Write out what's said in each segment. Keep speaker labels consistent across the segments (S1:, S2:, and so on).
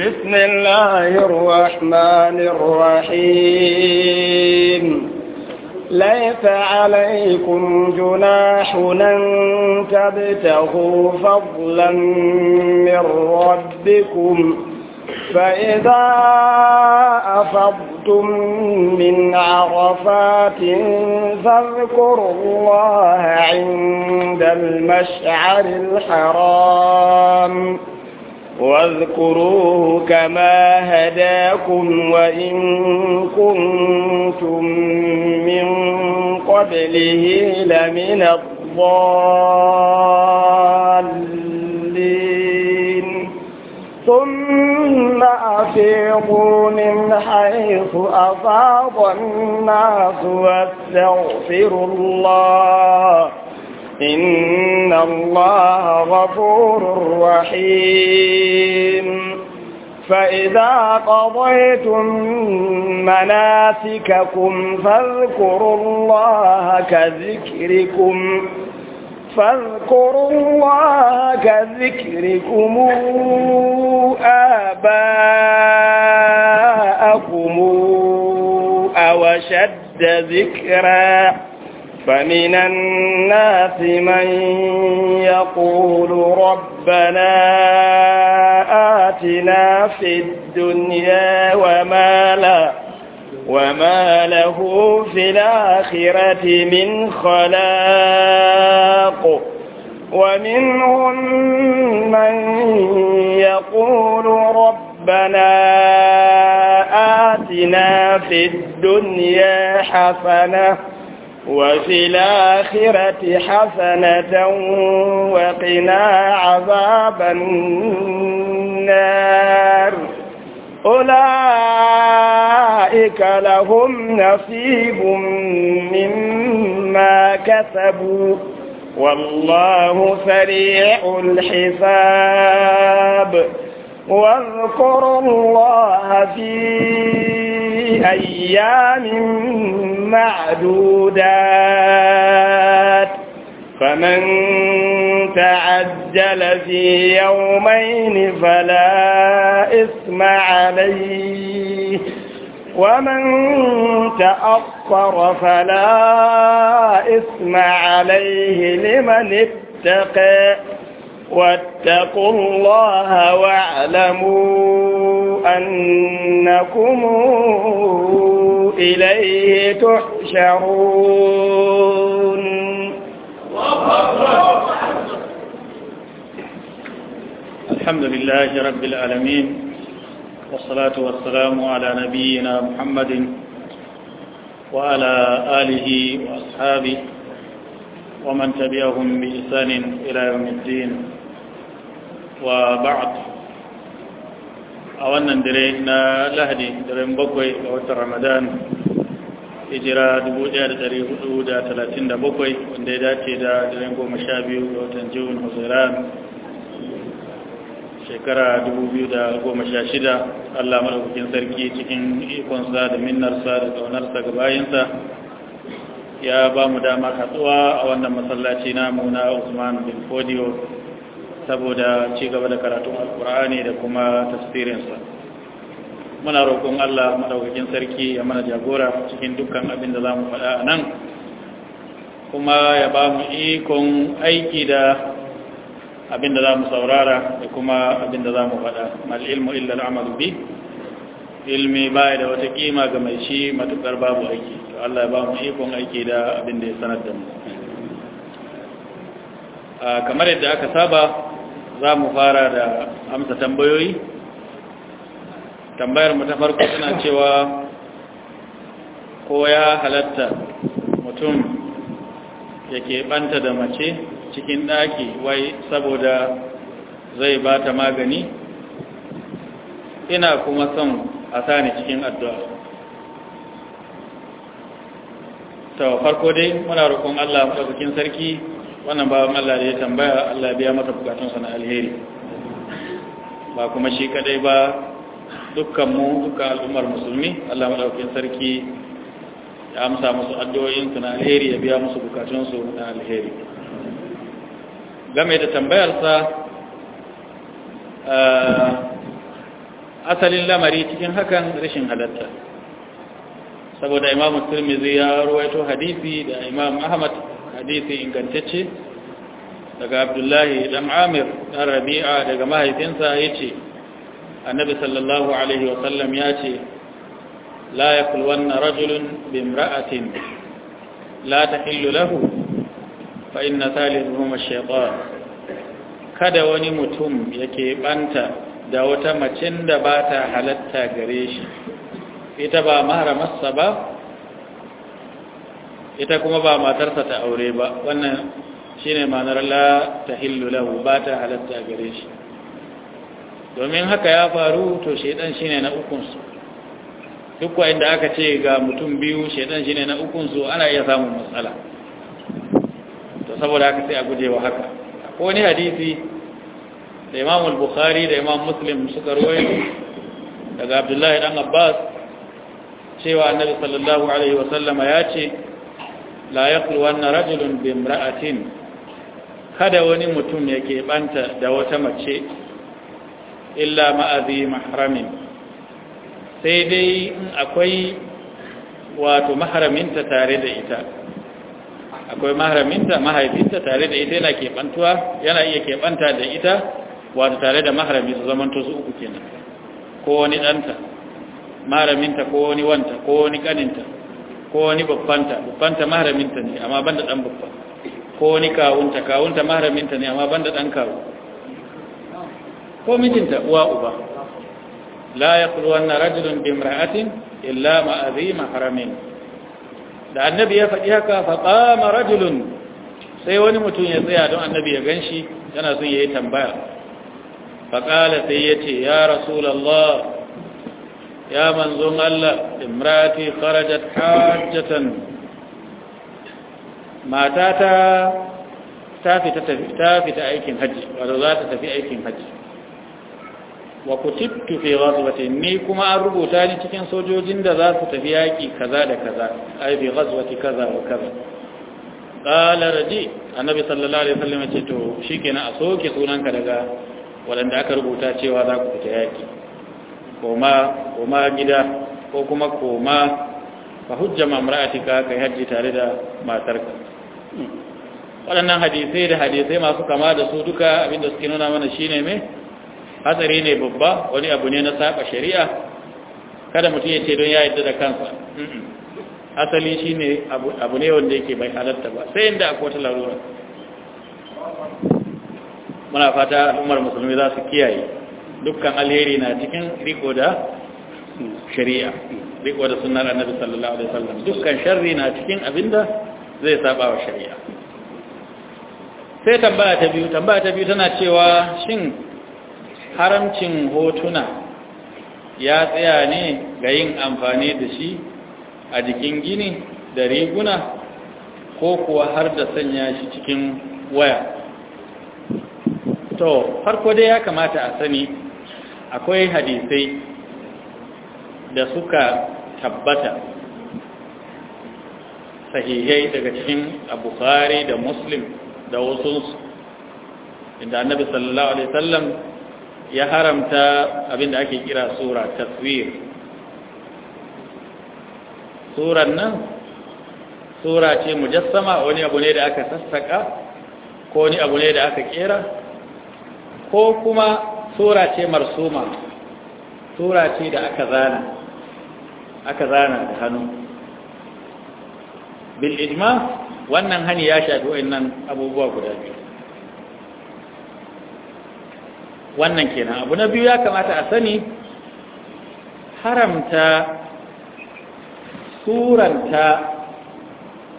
S1: بسم الله الرحمن الرحيم ليس عليكم جناح أن تبتغوا فضلا من ربكم فإذا أفضتم من عرفات فاذكروا الله عند المشعر الحرام واذكروه كما هداكم وإن كنتم من قبله لمن الضالين ثم أفيضوا من حيث أفاض الناس واستغفروا الله إن الله غفور رحيم فإذا قضيتم مناسككم فاذكروا الله كذكركم فاذكروا الله كذكركم آباءكم أو شد ذكرًا فمن الناس من يقول ربنا آتنا في الدنيا وما لا وما له في الآخرة من خلاق ومنهم من يقول ربنا آتنا في الدنيا حسنه وفي الآخرة حسنة وقنا عذاب النار أولئك لهم نصيب مما كسبوا والله سريع الحساب واذكروا الله فيه في أيام معدودات فمن تعجل في يومين فلا إثم عليه ومن تأخر فلا إثم عليه لمن اتقى واتقوا الله واعلموا أنكم إليه تحشرون
S2: الحمد لله رب العالمين والصلاة والسلام على نبينا محمد وعلى آله وأصحابه ومن تبعهم بإحسان إلى يوم الدين wa ba'd a wannan dare na lahadi daren bakwai ga watan ramadan hijira 1437 wanda ya dace da dare goma sha biyu ga watan jihun hussein shekara 2016 allah malakukin sarki cikin ikonsa da minnarsa da zaunarsa ga bayansa ya ba mu damar hatsuwa a wannan masallaci na muna usman bin fodiyo saboda ci gaba da karatun alkur'ani da kuma tasirinsa muna roƙon Allah madaukakin sarki ya mana jagora cikin dukkan abin da za mu faɗa a nan kuma ya ba mu ikon aiki da abin da za mu saurara da kuma abin da za mu faɗa mal ilmu illa al'amalu bi ilmi baya da wata kima ga mai shi matukar babu aiki to Allah ya ba mu ikon aiki da abin da ya sanar da mu kamar yadda aka saba za mu fara da amsa tambayoyi tambayar mu ta farko tana cewa ko ya halatta mutum ya banta da mace cikin ɗaki wai saboda zai ba ta magani ina kuma son a sani cikin addu'a ta farko dai muna roƙon Allah bikin sarki wannan ba Allah da ya tambaya Allah biya bukatun sa na alheri ba kuma shi kadai ba dukkan mu dukkan al'ummar musulmi Allah madaukakin sarki ya amsa musu addu'o'in su na alheri ya biya musu bukatunsu na alheri game da tambayarsa eh, asalin lamari cikin hakan rashin halatta saboda imamu turmizi ya ruwaito hadisi da imam ahmad hadisi ingantacce daga abdullahi dan amir dan rabi'a daga mahaifinsa ya ce annabi sallallahu alaihi wasallam ya ce la ya kulwanna rajulun bimra'atin la ta lahu fa inna salihuhum ash-shaytan kada wani mutum yake banta da wata macin da ba ta halatta gare shi ita ba maharamarsa ba ita kuma ba matarsa ta aure ba wannan shine ma'anar la tahillu lahu ba ta halatta gare shi domin haka ya faru to shedan shine na ukun su duk da aka ce ga mutum biyu shedan shine na ukun su ana iya samun matsala to saboda haka sai a gujewa haka ko wani hadisi da Imam al-Bukhari da Imam Muslim suka rawaito daga Abdullahi dan Abbas cewa Annabi sallallahu alaihi wasallama ya ce la yaqluwanna rajulun bi kada wani mutum ya keɓanta da wata mace illa ma'azi mahramin sai dai in akwai wato mahraminta tare da ita akwai mahraminta mahaifinta tare da ita yana keɓantuwa yana iya keɓanta da ita wato tare da mahrami su zamanto su uku kenan ko wani ɗanta mahraminta ko wani wanta ko wani ƙaninta ko wani babbanta babbanta maharaminta ne amma banda dan babba ko wani kawunta kawunta maharaminta ne amma banda dan kawu ko mijinta uwa uba la yaqulwanna rajulun bi imra'atin illa ma azima haramin da annabi ya faɗi haka fa qama rajulun sai wani mutum ya tsaya don annabi ya ganshi yana son yayi tambaya fa qala sai yace ya rasulullah ya من Allah imrati kharajat خرجت matata ta fita aikin haji wato za tafi aikin haji wa kutibtu fi ghazwati ni kuma an rubuta ni cikin sojojin da za su tafi yaki kaza da kaza ai fi ghazwati kaza wa kaza qala raji annabi sallallahu alaihi wasallam ce to shikenan a soke sunanka daga waɗanda aka rubuta cewa za ku fita yaki koma koma gida ko kuma koma fa hujja mar'atika kai hajji tare da matarka waɗannan hadisai da hadisai masu kama da su duka abinda suke nuna mana shine me hatsari ne babba wani abu ne na saba shari'a kada mutum ya ce don ya yadda da kansa asali shine abu ne wanda yake bai halatta ba sai inda akwai wata larura muna fata al'ummar musulmi za su kiyaye dukkan alheri na cikin riko da shari'a riko da sunnar annabi sallallahu alaihi wasallam dukkan sharri na cikin abinda zai saba wa shari'a sai tambaya ta biyu tambaya ta biyu tana cewa shin haramcin hotuna ya tsaya ne ga yin amfani da shi a jikin gini da riguna ko kuwa har da sanya shi cikin waya to farko dai ya kamata a sani akwai hadisai da suka tabbata sahihai daga cikin abubuwari da muslim da wasu inda annabi sallallahu alaihi wasallam ya haramta abinda ake kira sura taswir suran nan sura ce mujassama wani abu ne da aka sassaka ko wani abu ne da aka kera ko kuma sura ce marsuma sura ce da aka zana aka zana da hannu bil ijma wannan hani ya shafi wayannan abubuwa guda biyu wannan kenan abu na biyu ya kamata a sani haramta suranta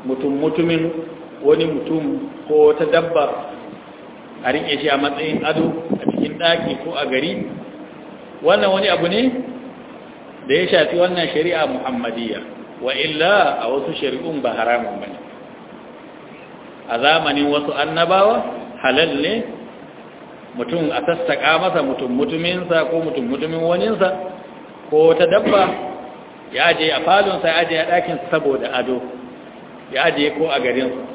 S2: mutum mutumin wani mutum ko ta dabba a riƙe shi a matsayin ado ɗaki ko a gari wannan wani abu ne da ya shafi wannan shari'a muhammadiyya wa illa a wasu shari'un ba haramun ba ne a zamanin wasu annabawa halal ne mutum a sassaƙa masa mutum mutuminsa ko mutum mutumin waninsa ko ta dabba ya je a falonsa ya aje a ɗakinsa saboda ado ya je ko a garinsa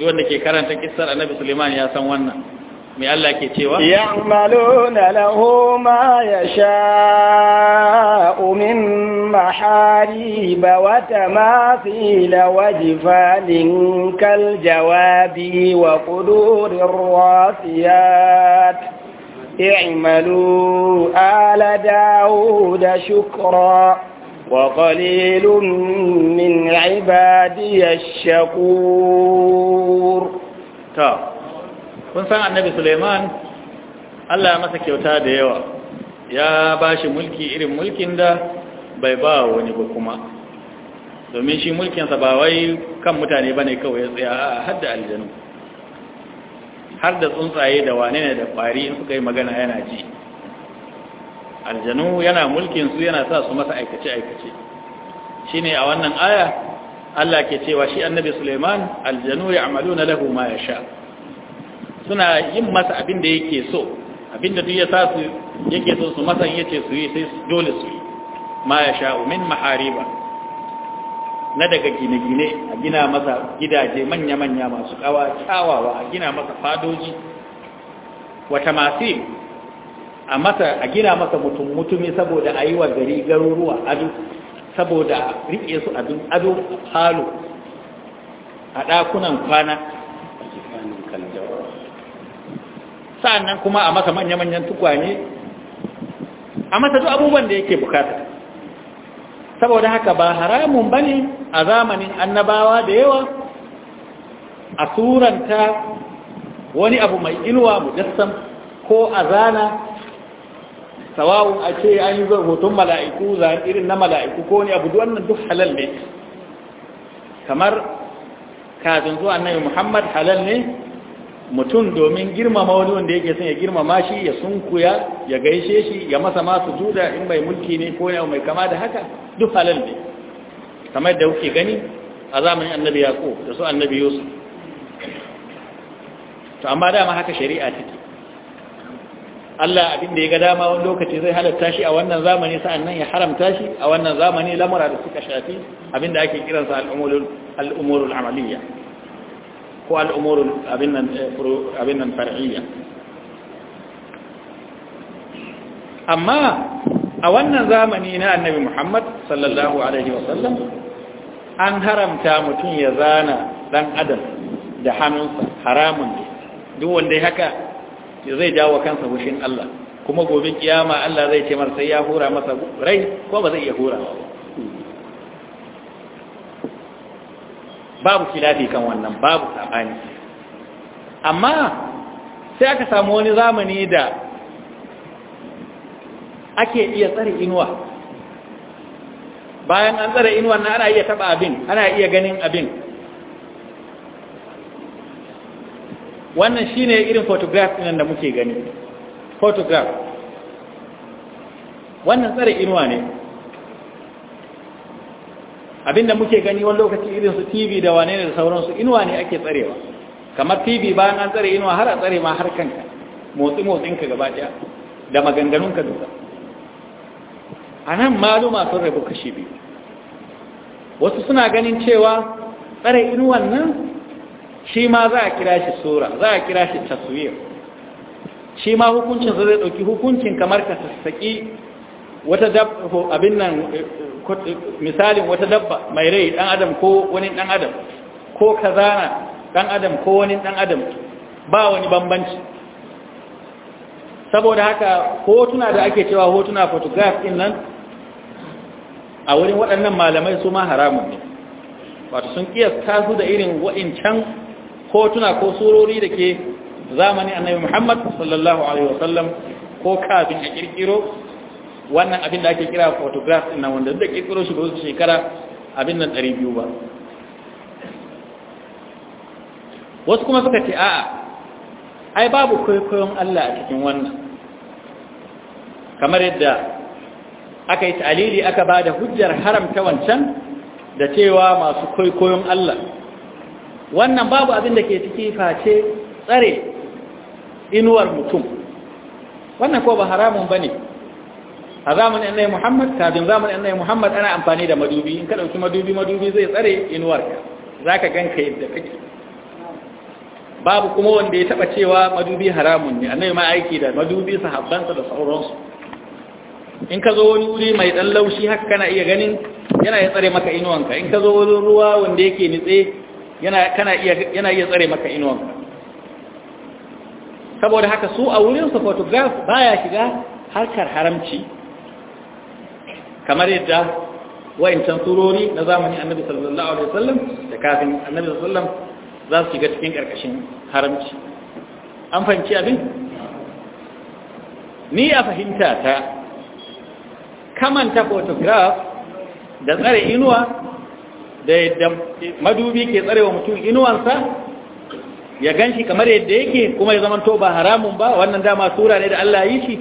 S2: duk wanda ke karanta kissar annabi suleiman ya san wannan mai Allah ke cewa
S1: ya'maluna lahu ma yasha'u min maharib wa tamathil wa jifanin kal jawabi wa qudurir rasiyat اعملوا آل داود شكرا وقليل من عبادي الشكور
S2: طب kun san annabi suleiman allah masa kyauta da yawa ya ba shi mulki irin mulkin da bai ba wani ba kuma domin shi mulkinsa ba wai kan mutane ba ne kawai ya tsaya a hadda aljanu har da tsuntsaye da wane ne da kwari in suka yi magana yana ji aljanu yana mulkin su yana sa su masa aikace-aikace shi ne a wannan aya Allah ke cewa shi annabi Suleiman aljanu ya amalu na lahu ma ya sha suna yin masa abin da yake so abin da duk ya sa su yake so su masa yace su yi sai dole su yi ma ya sha'u min mahariba na daga gine-gine a gina masa gidaje manya-manya masu kawa kyawawa a gina masa fadoji wata masu a masa a gina masa mutum mutumi saboda a yi wa gari garuruwa ado saboda a riƙe su abin ado halo a ɗakunan kwana a sa'annan kuma a masa manya-manyan tukwane a masa zuwa abubuwan da yake bukata saboda haka ba haramun ba ne a zamanin annabawa da yawa a suranta wani abu mai inuwa mujassam ko a zana sawawun a ce an yi hoton mala'iku zan irin na mala'iku ko wani abu wannan duk halal ne kamar kafin zuwa annabi muhammad halal ne mutum domin girmama wani wanda yake son ya girmama shi ya sunkuya ya gaishe shi ya masa masu sujuda in mai mulki ne ko ne mai kama da haka duk halal ne kamar da kuke gani a zamanin annabi Yaƙo da su annabi yusuf to amma dama haka shari'a take Allah abin da ya ga dama wani lokaci zai halatta shi a wannan zamani nan ya haramta shi a wannan zamani lamura da suka shafi abin da ake kiransa al'umurul amaliyya ko al'umurul eh, abin nan far'iyya amma a wannan zamani na annabi Muhammad sallallahu Alaihi wasallam an haramta mutum ya zana ɗan adam da hannunsa haramun ne duk wanda ya haka zai jawo kansa hushin Allah kuma gobe kiyama Allah zai ce marsa ya hura masa rai ko ba zai iya hura ba babu kilafi kan wannan babu sabani amma sai aka samu wani zamani da ake iya tsare inuwa bayan an tsare inuwa na ana iya taba abin ana iya ganin abin wannan shine irin photograph ɗin da muke gani photograph wannan tsare inuwa ne abinda muke gani wani lokaci irin su tv da wane ne da sauransu inuwa ne ake tsarewa kamar tv bayan an tsare inuwa har a tsare ma har kanka motsi motsinka gaba daya da ka duka a nan maluma sun rabu kashi biyu wasu suna ganin cewa tsare inuwan nan shi ma za a kira shi sura za a kira shi taswir shi ma hukuncinsa zai ɗauki hukuncin kamar ka sassaki wata abin nan eh, eh, misalin wata dabba mai rai dan adam ko wani dan adam ko kazana dan adam ko wani dan adam ba wani bambanci saboda haka hotuna da ake cewa hotuna photograph din nan a wurin waɗannan malamai su ma haramun ne wato sun kiyasta su da irin wa'incan hotuna ko surori da ke zamani annabi Muhammad sallallahu alaihi wasallam ko kafin a kirkiro wannan abin da ake kira photograph ina wanda zai kirkiro shi ba su shekara abin nan 200 ba wasu kuma suka ce a'a ai babu kwaikwayon Allah a cikin wannan kamar yadda aka yi ta'alili aka ba da hujjar haramta wancan da cewa masu kwaikwayon Allah wannan babu abin da ke ciki face tsare inuwar mutum wannan ko ba haramun ba ne a zamanin annai muhammad kafin zamanin annai muhammad ana amfani da madubi in ka ɗauki madubi madubi zai tsare inuwarka za ka gan ka yadda kake babu kuma wanda ya taɓa cewa madubi haramun ne annai ma aiki da madubi sahabbansa da sauransu in ka zo wani wuri mai ɗan laushi haka kana iya ganin yana ya tsare maka inuwanka in ka zo wani ruwa wanda yake nitse yana iya tsare maka inuwanka saboda haka su a su photograph baya shiga harkar haramci kamar yadda wa'incan surori na zamani annabi sallallahu alaihi wasallam da kafin annabi sallallahu alaihi wasallam za su shiga cikin karkashin haramci an fahimci abin ni a fahimta ta kamanta photograph da tsare inuwa da yadda madubi ke tsarewa mutum inuwansa ya ganshi kamar yadda yake kuma ya to ba haramun ba wannan dama sura ne da Allah ya yi shi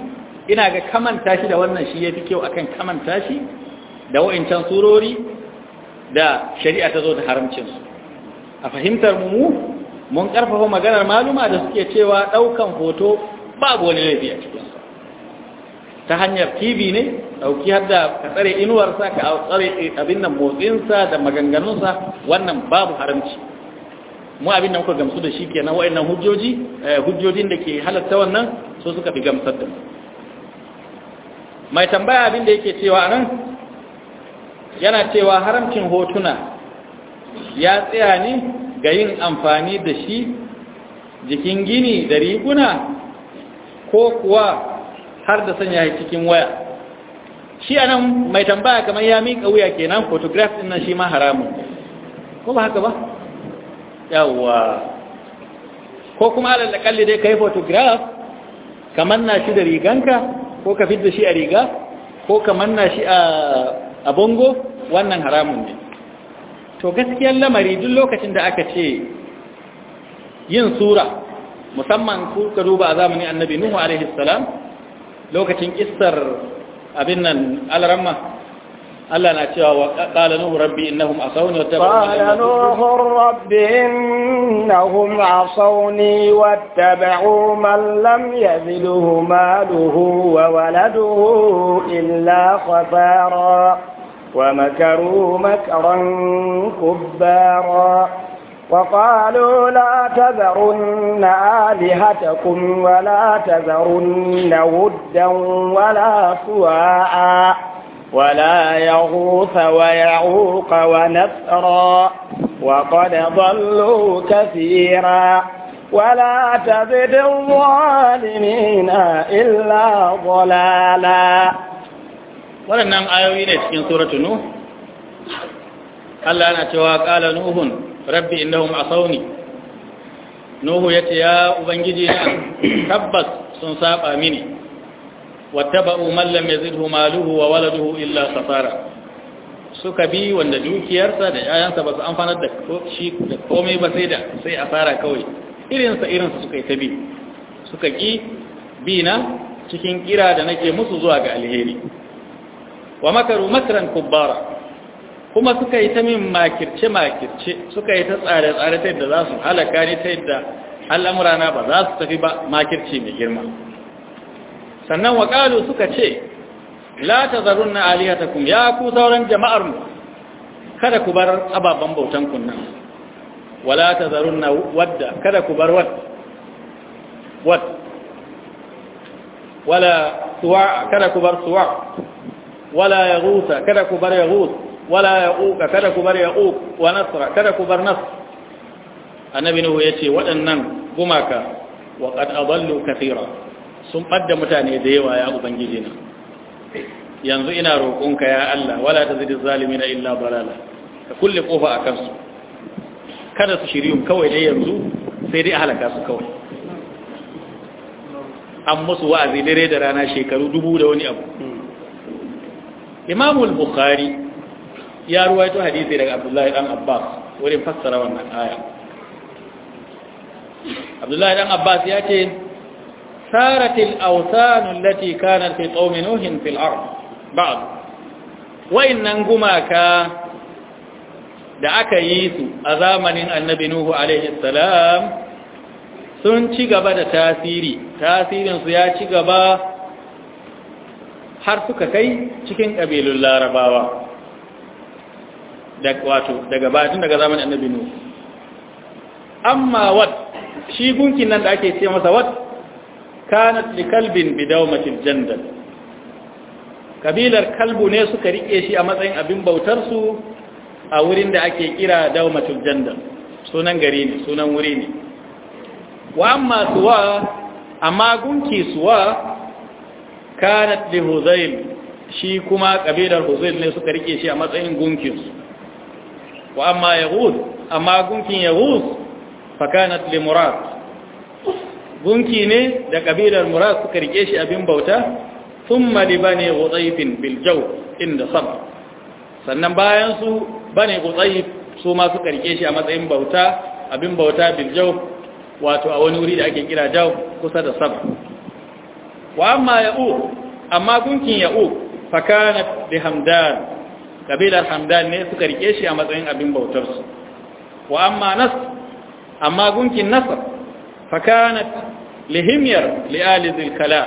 S2: ina ga kamanta shi da wannan shi yafi kyau akan kamanta shi da wa'incan surori da shari'a ta zo da haramcin a fahimtar mu mun karfafa maganar maluma da suke cewa daukan hoto babu wani laifi a cikin ta hanyar TV ne dauki har da ka tsare inuwar sa ka tsare abin nan motsin da maganganun wannan babu haramci mu abin da muka gamsu da shi kenan wa'annan hujjoji eh, hujjojin da ke halatta wannan so suka fi gamsar da mu mai tambaya abin da yake cewa nan yana cewa haramcin hotuna ya tsaya ne ga yin amfani da shi jikin gini da riguna ko kuwa har da sanya cikin waya shi anan mai tambaya kamar ya miƙa wuya kenan photograph din nan shi ma haramun ko ba haka ba yawwa ko kuma alalakalli dai ka kai photograph kamar na shi da riganka ko ka fidda shi a riga ko ka manna shi a bango wannan haramun ne to gaskiyar lamari duk lokacin da aka ce yin sura musamman ku ka duba a zamani annabi nuhu alaihi salam lokacin kistar abin nan alramma Allah na cewa wa qala nuhu rabbi innahum asawni qala nuhu
S1: rabbi innahum asawni wattaba'u man lam yazilhu maluhu wa waladuhu illa khatara ومكروا مكرا كبارا وقالوا لا تذرن آلهتكم ولا تذرن ودا ولا سواعا ولا يغوث ويعوق ونفرا وقد ضلوا كثيرا ولا تزد الظالمين إلا ضلالا
S2: waɗannan ayoyi ne cikin suratu Allah na cewa ƙala nuhun rabbi innahum asawni nuhu ce ya ubangiji na tabbas sun saba mini wattaba'u man lam yazidhu maluhu wa waladuhu illa khasara suka bi wanda dukiyarsa da yayansa ba su amfanar da shi da komai ba sai da sai asara kawai irinsa irinsa suka yi ta bi suka ki bi na cikin kira da nake musu zuwa ga alheri wa makaru makaran kubbara kuma suka yi ta min makirce makirce suka yi ta tsare tsare ta yadda za su halaka ni ta yadda al'amurana ba za su tafi ba makirci mai girma sannan waƙalu suka ce la ta zarun na alihatakum ya ku sauran jama'ar mu kada ku bar ababen bautan kunnan wala ta zarun na wadda kada ku bar wadda wad wala suwa kada ku bar suwa wala ya rusa kada ku bar ya rusa wala ya uka kada ku bar ya uka wa nasra kada ku bar nasra annabi nuhu ya ce waɗannan gumaka wa qad adallu kathira sun ɓadda mutane da yawa ya ubangiji na yanzu ina roƙonka ya Allah wala ta zidi zalimina illa balala ka kulle kofa a kansu kada su shiryu kawai dai yanzu sai dai halaka su kawai an musu wa'azi dare da rana shekaru dubu da wani abu imamul bukhari ya ruwaito hadisi daga abdullahi dan abbas wurin fassara wannan aya abdullahi dan abbas ya ce sarat al-awthan allati kanat fi qaumi nuhin fil ard ba'd wa'innan gumaka da aka yi su a zamanin annabi nuhu alaihi sun ci gaba da tasiri tasirinsu ya ci gaba har suka kai cikin ƙabilun larabawa wato daga batun daga zamanin annabi nuhu amma wat shi gunkin nan da ake ce masa wat kanat li kalbin bidawmatil jandal kabilar kalbu ne suka rike shi a matsayin abin bautar su a wurin da ake kira dawmatul jandal sunan gari ne sunan wuri ne wa amma suwa amma gunki suwa kanat li huzail shi kuma kabilar huzail ne suka rike shi a matsayin gunkinsu wa amma yahud amma gunkin yahud fa kanat li murad gunki ne da kabilar murad suka rike shi abin bauta sun mali bane gutsaifin biljau inda sam sannan bayan su bane gutsaif su ma suka rike shi a matsayin bauta abin bauta biljau wato a wani wuri da ake kira jau kusa da sam wa amma ya'u amma gunkin ya'u fakana bi hamdan kabilar hamdan ne suka rike shi a matsayin abin bautarsu wa amma nas amma gunkin nasar fakanat lihimyar li'ali zilkala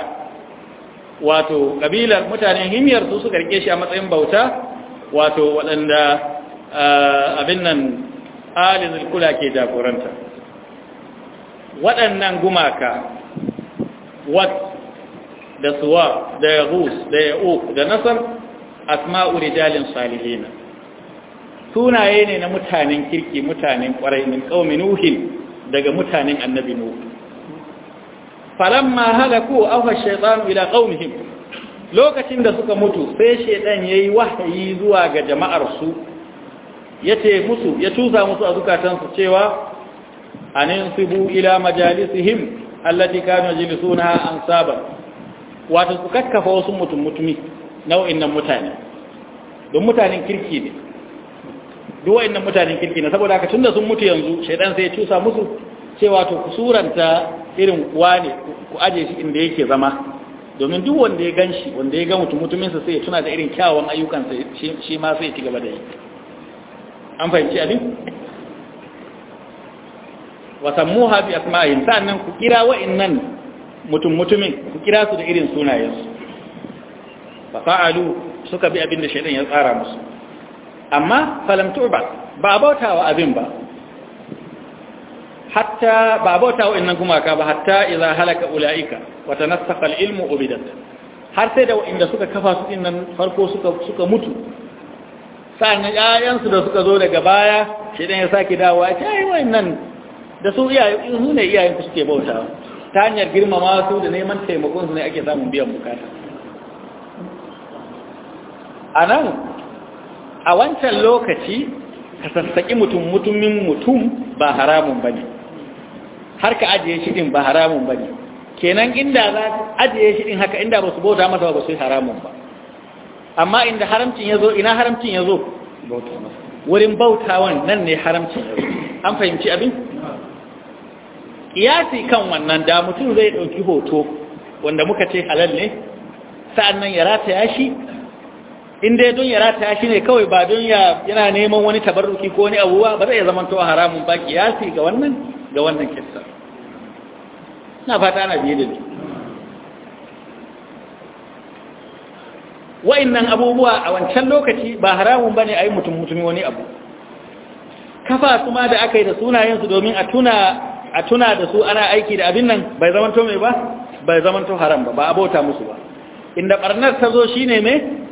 S2: wato ƙabilar mutanen himyar su suka rike shi a matsayin bauta wato waɗanda abin nan ali zilkula ke jagoranta waɗannan gumaka wat da suwa da yahus da ya'uk da nasar asma'u rijalin salihina sunaye ne na mutanen kirki mutanen ƙwarai min ƙaumin nuhin daga mutanen annabi nuhu falamma halaku awha shaytanu ila qaumihim lokacin da suka mutu sai shaytan yayi wahayi zuwa ga jama'ar su yace musu ya tusa musu a zukatansu cewa aninsibu ila majalisihim allati kanu an saba. wato su kakkafa wasu mutum mutumi nau'in nan mutane don mutanen kirki ne duk nan mutanen kirki ne saboda haka tunda sun mutu yanzu shaidan sai ya cusa musu cewa to ku suranta irin uwa ne ku aje shi inda yake zama domin duk wanda ya ganshi, wanda ya ga mutum sa sai ya tuna da irin kyawawan ayyukansa shi ma sai ya ci gaba da yi an fahimci abin wasammuha bi asma'in sannan ku kira wa'annan mutum mutumin ku kira su da irin sunayensu fa fa'alu suka bi abin da shaidan ya tsara musu amma falam tu'ba ba bauta wa abin ba hatta ba bauta wa innan gumaka ba hatta idza halaka ulaika wa tanassaqa al-ilmu ubidat har sai da inda suka kafa su innan farko suka suka mutu sa'an su da suka zo daga baya shi dan ya saki dawowa ya ce ai wannan da su iyaye su ne iyayen su suke bautawa ta hanyar girmama su da neman taimakon su ne ake samun biyan bukata anan a wancan lokaci ka sassaƙi mutum mutumin mutum ba haramun ba ne har ka ajiye shi ɗin ba haramun ba ne kenan inda za ajiye shi ɗin haka inda ba su bauta masa ba su yi haramun ba amma inda haramcin ya zo ina haramcin ya zo wurin bautawan nan ne haramcin ya zo an fahimci abin ƙiyasi kan wannan da mutum zai ɗauki hoto wanda muka ce halal ne sa'an nan ya rataya shi in dai don ra rata shi ne kawai ba dunya yana neman wani tabarruki ko wani abuwa ba zai zama to haramun ba kiyasi ga wannan ga wannan kissa na fata ana biye da ni wa'annan abubuwa a wancan lokaci ba haramun bane ayi mutum mutumi wani abu kafa kuma da aka yi da sunayen su domin a tuna a tuna da su ana aiki da abin nan bai to mai ba bai to haram ba ba abota musu ba inda barnar ta zo shine mai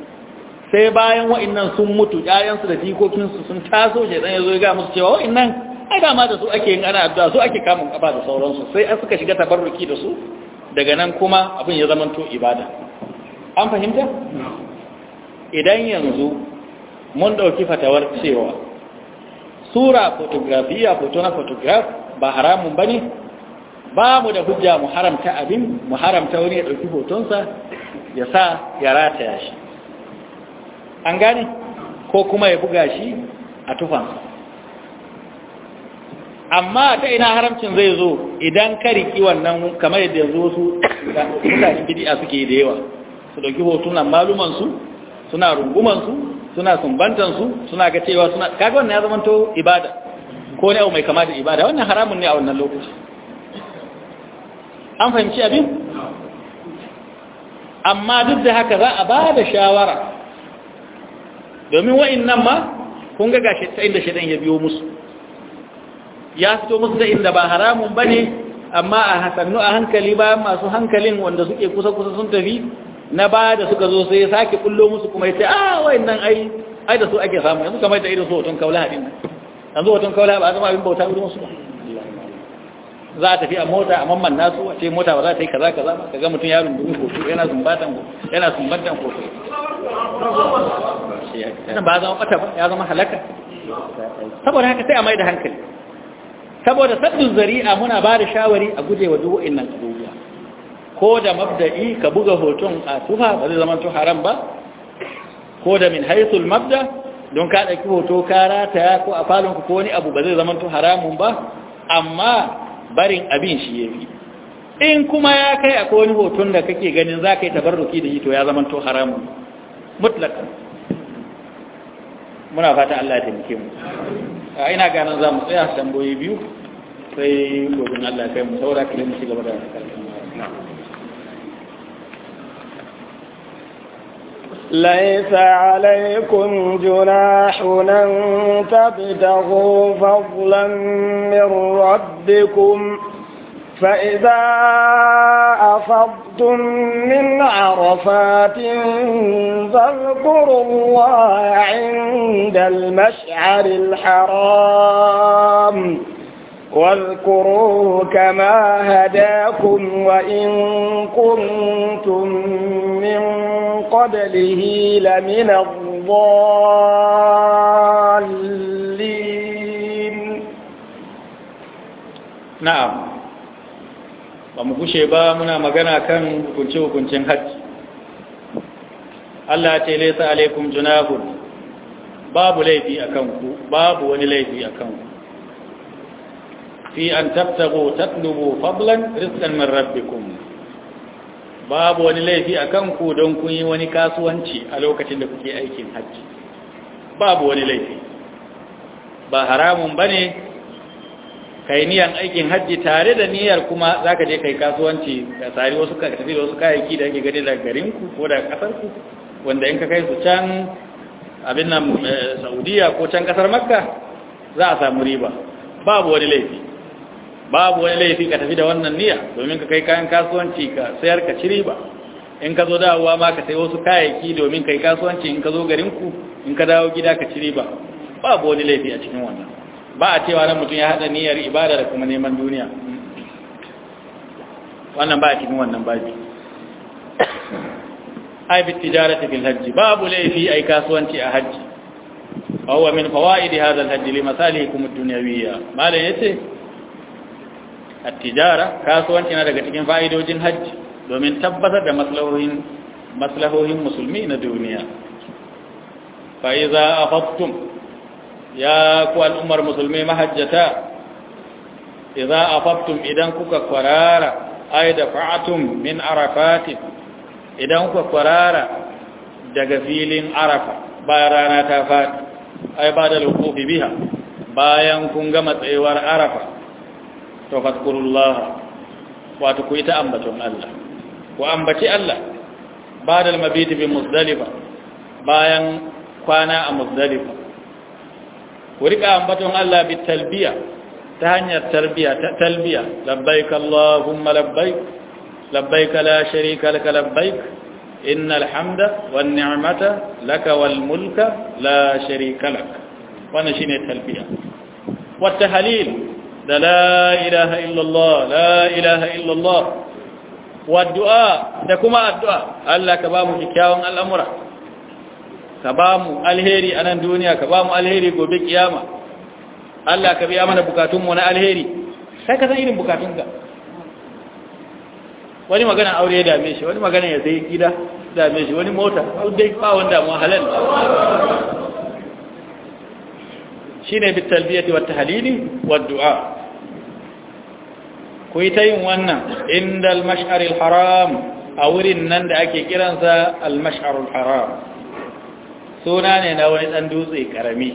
S2: sai bayan wa'annan sun mutu 'ya'yansu da jikokinsu sun taso je ya zo ya ga musu cewa wa'annan ai da ma da su ake yin ana addu'a su ake kamun kafa da sauransu sai an suka shiga tabarruki da su daga nan kuma abin ya to ibada an fahimta idan yanzu mun ɗauki fatawar cewa sura fotografiya foto na photograph ba haramun bane ba mu da hujja mu haramta abin mu haramta wani ya ɗauki hotonsa ya sa ya rataya shi an gane ko kuma ya buga shi a tufansa amma ta ina haramcin zai zo idan ka riki wannan kamar yadda yanzu wasu shi a suke da yawa su dauki hotunan malumansu suna rungumansu suna sumbantansu suna ga cewa suna kaga wannan ya zamanto ibada ko ne abu mai kama da ibada wannan haramun ne a wannan lokaci an fahimci abin amma duk da haka za a ba da shawara domin nan ma kun ga gashi ta inda shaidan ya biyo musu ya fito musu ta inda ba haramun ba ne, amma a hasannu a hankali ba masu hankalin wanda suke kusa kusa sun tafi na ba da suka zo sai sake kullo musu kuma ya ce a ah, wain ai ai da su ake samu yanzu kamar da irin su hoton kaula nan, yanzu hoton kaula ba a zama abin bauta wurin su ba za a tafi a mota a mamman nasu a ce mota ba za ta yi kaza kaza ba ka ga mutum ya rungumi hoto yana sumbatan hoto yana sumbatan
S3: hoto nan ba zama ɓata ba
S2: ya zama halaka saboda haka sai a mai da hankali saboda sabbin zari'a muna ba da shawari a guje wa duk nan abubuwa ko da mabda'i ka buga hoton a tuha ba zai zama haram ba ko da min haisul mabda don ka ɗauki hoto ka rataya ko a falonku ko wani abu ba zai zama haramun ba amma barin abin shi ya fi in kuma ya kai akwai wani hoton da kake ganin za ka yi tabarruki da yi to ya zama haramun mutlaka muna fata Allah ya taimake mu a ina ganin za mu tsaya tamboyi biyu sai gobin Allah kai mu saura kai mu ci gaba da karatu
S1: ليس عليكم جناح أن تبتغوا فضلا من ربكم فإذا خفضتم من عرفات فاذكروا الله عند المشعر الحرام واذكروه كما هداكم وإن كنتم من قبله لمن الضالين
S2: نعم ba mu kushe ba muna magana kan hukunce-hukuncen hajji Allah ce laisa alaikum junahun babu laifi a kanku babu wani laifi a kanku fi an tabtago tatlubu fablan rizqan min rabbikum babu wani laifi a kanku don kun yi wani kasuwanci a lokacin da kuke aikin hajji babu wani laifi ba haramun bane kai niyan aikin hajji tare da niyyar kuma zaka je kai kasuwanci da tsari wasu ka tafi da wasu kayayyaki da ake gani daga garin ku ko daga kasar ku wanda in ka kai su can abin nan eh, Saudiya ko can kasar Makka za a samu riba babu wani laifi babu wani laifi ka tafi da wannan niyya domin ka kai kayan kasuwanci ka sayar ka ci riba in ka zo dawowa ma ka sai wasu kayayyaki domin kai kasuwanci in ka zo garin ku in ka dawo gida ka ci riba babu wani laifi a cikin wannan ba a cewa nan mutum ya haɗa niyyar ibada da kuma neman duniya wannan ba a cikin wannan babi ai bi tijarati fil hajji babu laifi ai kasuwanci a hajji wa huwa min fawaidi hadha al hajji li masalihikum ad dunyawiyya mala yace at-tijara kasuwanci na daga cikin fa'idojin hajji domin tabbatar da maslahohin maslahohin musulmi na duniya fa iza afattum ya ku al'ummar musulmi mahajjata Iza a afaftum idan kuka kwarara Ai da dafa'atum min arafatin idan kuka kwarara daga filin arafa bayan rana ta faɗi Ai ba da lukufi biya. bayan kun gama tsayuwar arafa to fadkurullah Wata ku yi ta ambaton Allah ku ambaci Allah ba da mabidi bin musdalifa bayan kwana a musdalifa ku rika ambaton Allah bi talbiya ta hanyar tarbiya ta talbiya labbaik allahumma labbaik labbaik la sharika laka labbaik innal hamda wan ni'mata laka wal mulka la sharika lak wannan shine talbiya Wa tahlil da la ilaha illallah la ilaha illallah wa du'a da kuma addu'a Allah ka ba mu kikkiawan al'amura ka ba mu alheri a nan duniya ka ba mu alheri gobe kiyama Allah ka biya mana bukatunmu na alheri sai ka san irin bukatunka wani magana aure ya dame shi wani magana ya sai gida dame shi wani mota dai ba wanda mu halal shine bi talbiyati wat tahlili wad du'a ku yi ta yin wannan inda al-mash'ar al-haram a wurin nan da ake kiransa al-mash'ar al-haram suna ne na wani ɗan dutse ƙarami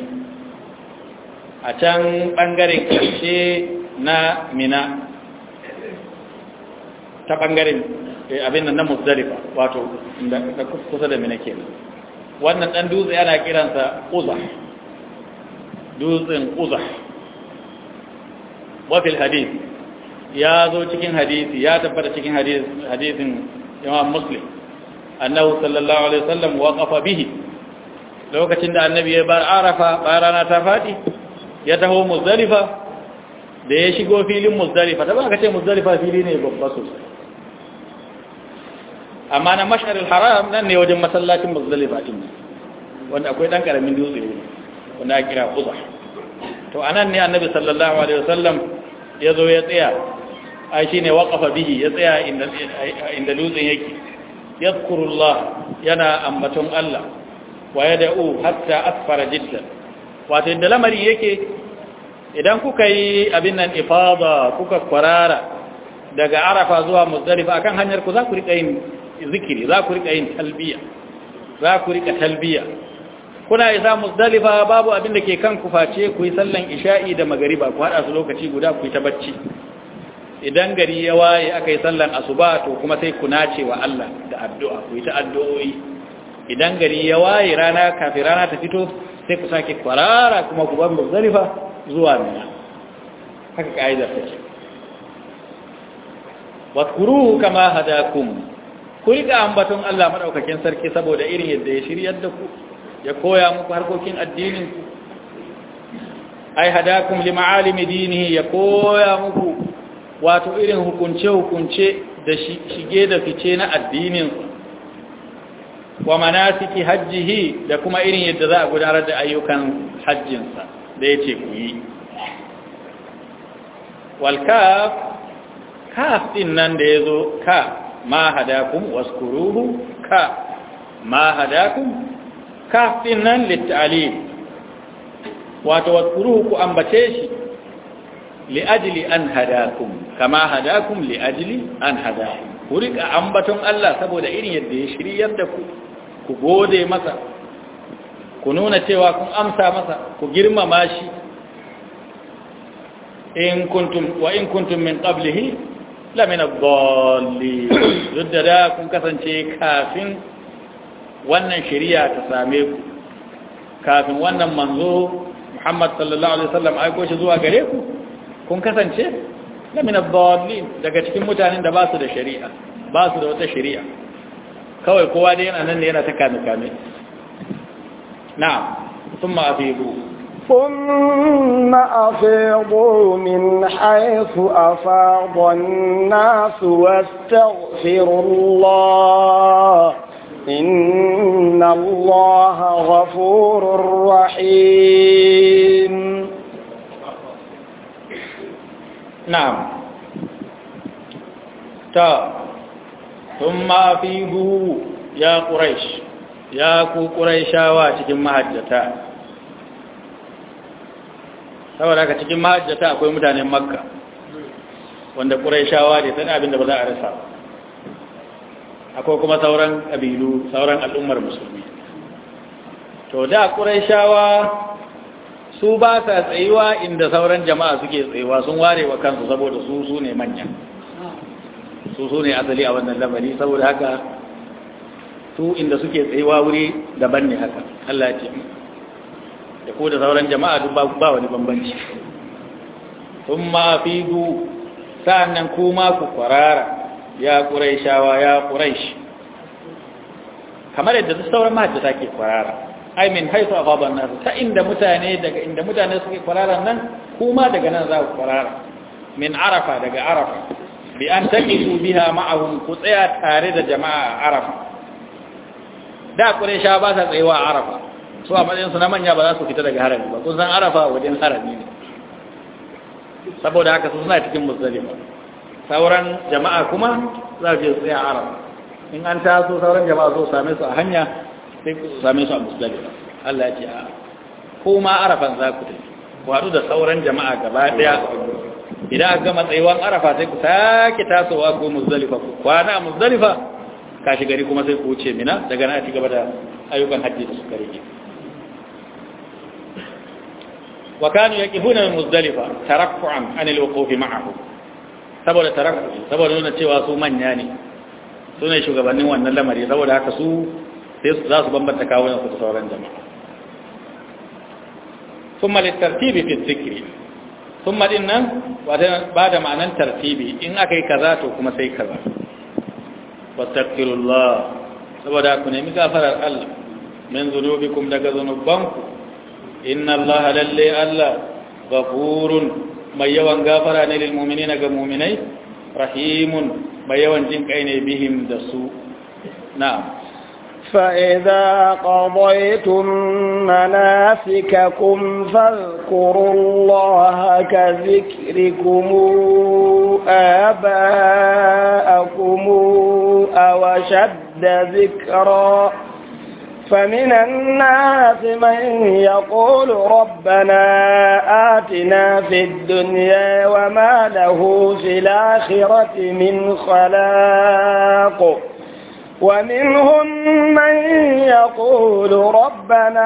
S2: a can ɓangaren ƙarshe na mina ta ɓangaren eh, abin nan na musdalifa wato da kusa da mina kenan wannan ɗan dutse ana kiransa ƙuza, dutsen ƙuza. wafil hadith ya zo cikin hadisi ya tabbata cikin hadisin imam muslim annahu sallallahu alaihi wasallam waqafa bihi lokacin da annabi ya bar arafa bayan ta faɗi ya taho muzdalifa da ya shigo filin muzdalifa ta ba ka ce muzdalifa fili ne babba sosai amma na mashar haram nan ne wajen masallacin muzdalifa din wanda akwai dan karamin dutse ne wanda ake kira kuza to anan ne annabi sallallahu alaihi wasallam ya zo ya tsaya ai shine waqafa bihi ya tsaya inda inda dutsen yake yadhkurullah yana ambaton Allah wa da'u hatta asfara jiddan wato inda lamari yake idan kuka yi abin nan ifada kuka kwarara daga arafa zuwa muzdalifa akan hanyar ku za ku rika yin zikiri za ku rika yin talbiya za ku rika talbiya kuna isa muzdalifa babu abin da ke kan ku face ku yi sallan isha'i da magariba ku hada su lokaci guda ku yi ta bacci idan gari ya waye aka yi sallan asuba to kuma sai ku nace wa Allah da addu'a ku yi ta addu'o'i idan gari ya waye rana kafin rana ta fito sai ku sake kwarara kuma ku ban muzdalifa zuwa mina haka ka'idar ta ce wadkuruhu kama hadakum ku rika ambaton Allah madaukakin sarki saboda irin yadda ya shiryar da ku ya koya muku harkokin addinin ai hadakum li ma'alimi dinihi ya koya muku wato irin hukunce hukunce da shige da fice na addinin wa manasiki hajjihi da kuma irin yadda za a gudanar da ayyukan hajjinsa da ya ce ku yi walkaf kaf din nan da ya zo ka ma hadakun waskuruhu ka ma hadakun kaf din nan littali wato waskuruhu ku ambace shi li'ajili an hadakun kama hadakun li'ajili an hadakun ku riƙa ambaton Allah saboda irin yadda ya shiryar da ku ku gode masa ku nuna cewa kun amsa masa ku girmama shi in kuntum wa in kuntum min qablihi la min ad-dallin yadda kun kasance kafin wannan shari'a ta same ku kafin wannan manzo Muhammad sallallahu alaihi wasallam ai shi zuwa gare ku kun kasance la min ad-dallin daga cikin mutanen da ba su da shari'a ba su da wata shari'a kawai kowa dai yana nan ne yana ta kame kame na'am ثم أفيضوا
S1: ثم أفيضوا من حيث أفاض الناس واستغفروا الله إن الله غفور رحيم
S2: نعم تا sun mafihu ya ƙuraish ya ku ƙuraishawa cikin mahajjata saboda haka cikin mahajjata akwai mutanen makka wanda ƙuraishawa ne sun abin da ba za a rasa akwai kuma sauran ƙabilu sauran al'ummar musulmi to da ƙuraishawa su ba sa tsayuwa inda sauran jama'a suke tsayuwa sun ware wa kansu saboda su su ne manyan su so ne asali a wannan lamari saboda haka su inda suke tsayuwa wuri daban ne haka Allah ce da ko da sauran jama'a duk ba wani bambanci sun ma fi du sa'annan kuma ku kwarara ya ƙuraishawa ya shi. kamar yadda su sauran mahajjata ke kwarara ai min haisu a faban nasu ta inda mutane daga inda mutane suke kwararan nan kuma daga nan za ku kwarara min arafa daga arafa bi an taqisu biha ma'ahu ku tsaya tare da jama'a arafa da quraisha ba sa a arafa su a matsayinsu su na manya ba za su fita daga harami ba kun san arafa wajen harami ne saboda haka su suna cikin muzdalifa sauran jama'a kuma za su tsaya arafa in an ta so sauran jama'a su same su a hanya sai ku same su a muzdalifa Allah ya ce a ko ma arafan za ku tafi ku haɗu da sauran jama'a gaba ɗaya idan aka gama tsayuwan arafa sai ku sake tasowa ko muzdalifa ku kwana a muzdalifa shi gari kuma sai ku wuce mina daga na ci gaba da ayyukan hajji da suka rike wa kanu huna min muzdalifa tarakku'an an al ma'ahu saboda tarakku saboda nuna cewa su manya ne su ne shugabannin wannan lamari saboda haka su sai su za su bambanta kawunan su da sauran jama'a ثم للترتيب في الذكر sun maɗin nan ba da ma'anan tartibi in aka yi kaza to kuma sai kaza wattaƙirullah saboda ku nemi gafarar Allah min kuma daga zunubanku inna Allah lallai Allah gafurun mai yawan gafara ne lil mu'minina ga mu'minai rahimun mai yawan jin kai ne bihim da su na'a.
S1: فإذا قضيتم مناسككم فاذكروا الله كذكركم آباءكم أو شد ذكرا فمن الناس من يقول ربنا آتنا في الدنيا وما له في الآخرة من خلاق ومنهم من يقول ربنا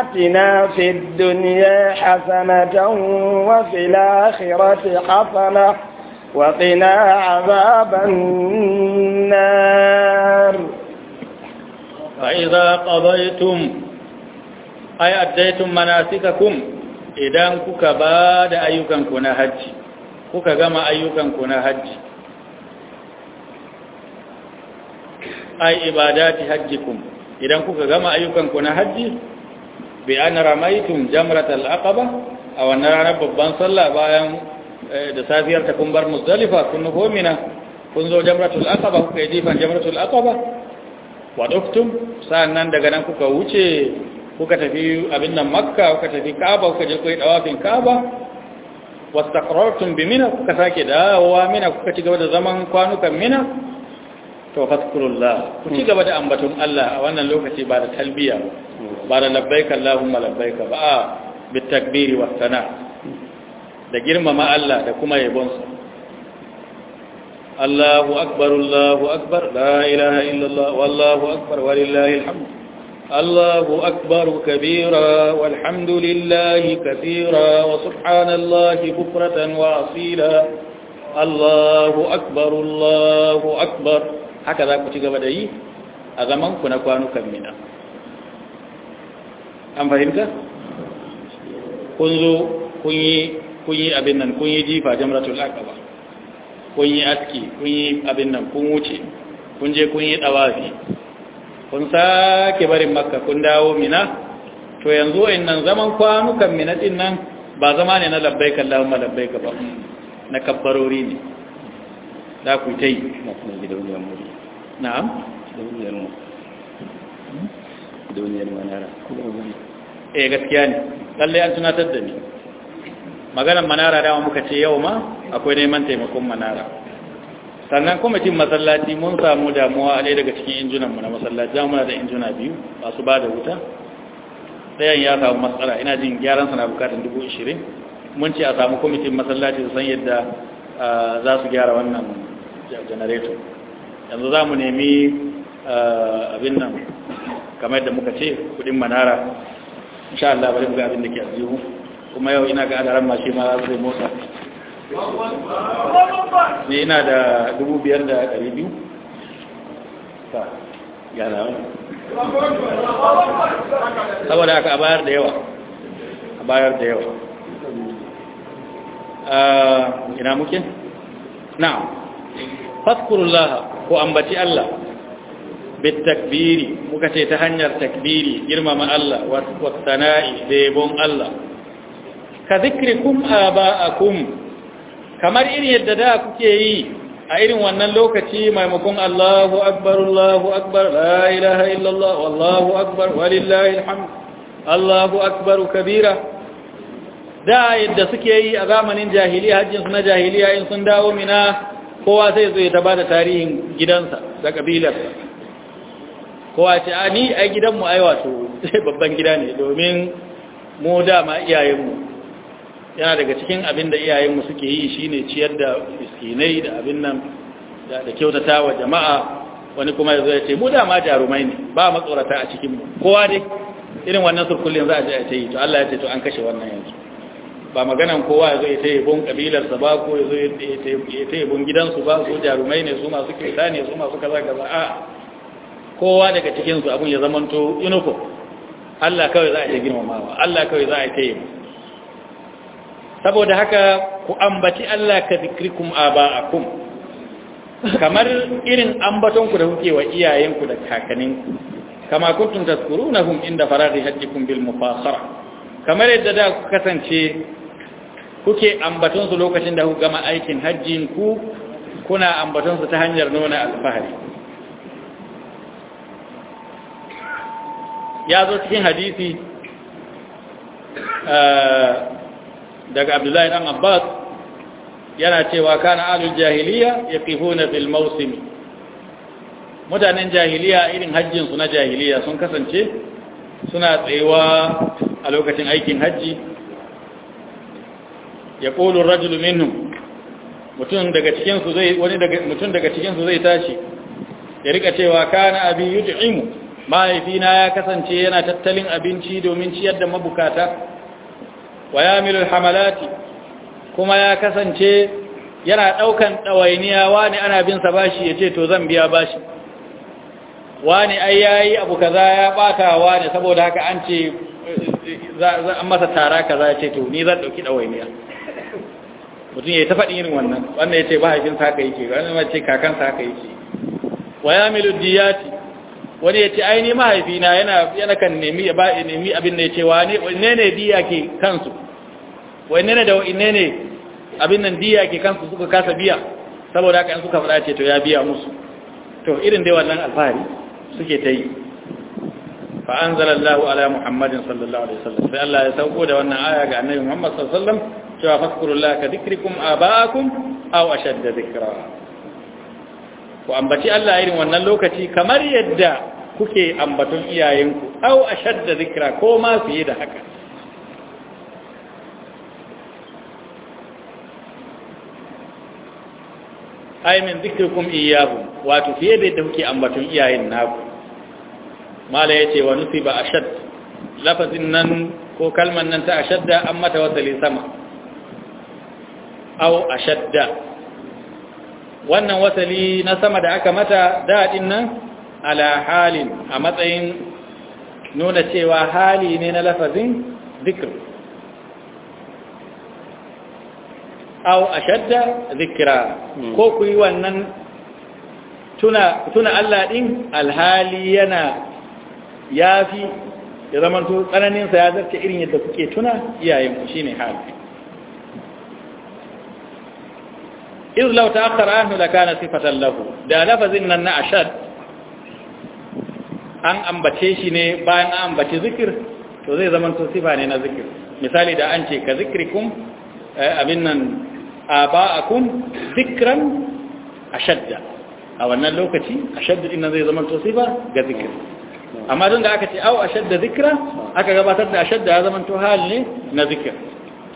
S1: آتنا في الدنيا حسنة وفي الآخرة حسنة وقنا عذاب النار
S2: فإذا قضيتم أي أديتم مناسككم إذا كك بعد أيكم كنا هج كك جمع أيكم كنا هج ay ibadati hajjikum idan kuka gama ayyukanku na hajji bi an ramaitum jamratal aqaba a wannan ranar babban sallah bayan da safiyar ta kun bar muzdalifa kun nufo mina kun zo jamratul aqaba kuka yi jifan jamratul aqaba wa duftum sa'annan daga nan kuka wuce kuka tafi abin nan makka kuka tafi kaaba kuka je koyi dawafin kaaba wastaqrartum bi mina kuka sake dawowa mina kuka ci gaba da zaman kwanukan mina to ku ci gaba da ambaton Allah a wannan lokaci ba da talbiya ba da labbaika Allahumma labbaika ba bit takbiri was sana da girmama Allah da kuma yabonsa Allahu akbar Allahu akbar la ilaha illallah wallahu akbar walillahil hamd الله أكبر كبيرا والحمد لله كثيرا وسبحان الله بكرة وأصيلا Allahu أكبر Allahu أكبر haka za ku ci gaba da yi a zaman ku na kwanukan mina an fahimta kun zo kun yi abin nan kun yi jifa jamratul aqaba kun yi aski kun yi abin nan kun wuce kun je kun yi dawafi kun sake barin makka kun dawo mina to yanzu nan zaman kwanukan mina din nan ba zama ne na labbaika Allahumma labbaika ba na kabbarori ne za ku ta yi na tunan gidauniyar muri na'am gidauniyar mu gidauniyar manara kuma wuri eh gaskiya ne lalle an tunatar da ni maganar manara dama muka ce yau ma akwai neman taimakon manara sannan cin masallaci mun samu damuwa a daya daga cikin injunanmu na masallaci za na da injuna biyu masu ba da wuta ɗayan ya samu matsala ina jin gyaran sana bukatun dubu ashirin. mun ce a samu kwamitin masallaci su san yadda ah, za su gyara wannan generator yanzu za mu nemi eh, abin nan kamar da muka ce kudin manara insha Allah bari mu ga abin da ke azihu kuma yau ina ga adaran ma shi ma zai motsa ne ina da dubu biyar da ɗari biyu ta yana wani
S3: saboda aka a bayar da yawa
S2: a bayar da yawa eh, ina muke na'am fadkurullah ku ambaci Allah bitakbiri muka ce ta hanyar takbiri girmama Allah wasana'i da yabon Allah ka zikrikum aba'akum kamar irin yadda da kuke yi a irin wannan lokaci maimakon Allahu akbar Allahu akbar la ilaha illallah wallahu akbar walillahi alhamd Allahu akbar kabira da yadda suke yi a zamanin jahiliya hajjinsu na jahiliya in sun dawo mina kowa sai zo ya ta bada tarihin gidansa da kabilarsa kowa ce a ni a gidanmu ai wato babban gida ne domin mu dama iyayenmu yana daga cikin abin da iyayenmu suke yi shine ciyar da iskinai da abin nan da kyautata wa jama'a wani kuma ya zai ce mu dama jarumai ne ba matsorata a cikinmu kowa dai irin wannan surkullin za a je a ce yi to Allah ya ce to an kashe wannan yanzu ba maganan kowa ya zo ya taibon kabilarsa ba ko ya zo ya taibon gidansu ba su jarumai ne su masu kyauta ne su masu kaza kaza a kowa daga cikinsu abin ya zamanto inuko Allah kawai za a ta girmamawa Allah kawai za a ta yi saboda haka ku ambaci Allah ka zikrikum aba'akum kamar irin ambatonku da kuke wa iyayenku da kakanninku kama kuntum tazkurunahum inda faraghi hajjikum bil mufasara kamar yadda da ku kasance kuke ambaton lokacin da ku gama aikin hajjin ku kuna ambaton ta hanyar nuna alfahari ya zo cikin hadisi eh, daga abdullahi dan abbas yana cewa kana alul jahiliya yaqifuna fil mawsim mutanen jahiliya irin hajjinsu na jahiliya sun kasance suna tsayewa a lokacin aikin hajji ya ƙolu rajulu minhum mutum daga cikinsu zai wani daga mutum daga cikinsu zai tashi ya rika cewa kana abi yut'imu mahaifina ya kasance yana tattalin abinci domin ciyar da mabukata wa yamilu hamalati kuma ya kasance yana ɗaukan dawainiya wani ana bin sa bashi yace to zan biya bashi wani ai yayi abu kaza ya baka wani saboda haka an ce za an masa tara kaza yace to ni zan ɗauki ɗawainiya? mutum ya yi ta faɗin irin wannan wannan ya ce sa ka yi ce, wannan ya ce ka yi ce. wa ya milu diyati wani ya ce aini mahaifina yana yana kan nemi ya ba nemi abin da ya ce wa ne ne diya ke kansu wa ne da wa ne abin nan diya ke kansu suka kasa biya saboda haka in suka faɗa ce to ya biya musu to irin dai wannan alfahari suke ta yi fa anzalallahu ala muhammadin sallallahu alaihi wasallam sai Allah ya sauko da wannan aya ga annabi Muhammad sallallahu alaihi wasallam cewa fadkurullah ka zikrikum au a shadda zikira ku ambaci Allah irin wannan lokaci kamar yadda kuke ambaton iyayenku au a shadda zikira, ko ma fiye da haka aimin min zikrikum iyyahum wato fiye da yadda kuke ambaton iyayen naku mala yace wa Nufi ba a shadda lafazin nan ko kalman nan ta shadda an mata wata sama au ashadda wannan wasali na sama da aka mata daɗin nan ala halin a matsayin nuna cewa hali ne na lafazin zikir au ashadda zikira hmm. ko ku yi wannan tuna Allah ɗin alhali yana ya fi ya zamanto tsananinsa ya zarta irin yadda kuke tuna iyayenku shi ne hali iz law ta'akhkhara ahnu lakana sifatan lahu da lafazin nan na ashad an ambace shi ne bayan an ambace zikir to zai zama to sifa ne na zikir misali da an ce ka zikrikum abin nan aba'akum zikran ashadda a wannan lokaci ashadda din zai zama to sifa ga zikir amma don da aka ce au aka gabatar da ashadda ya zama to ne na zikir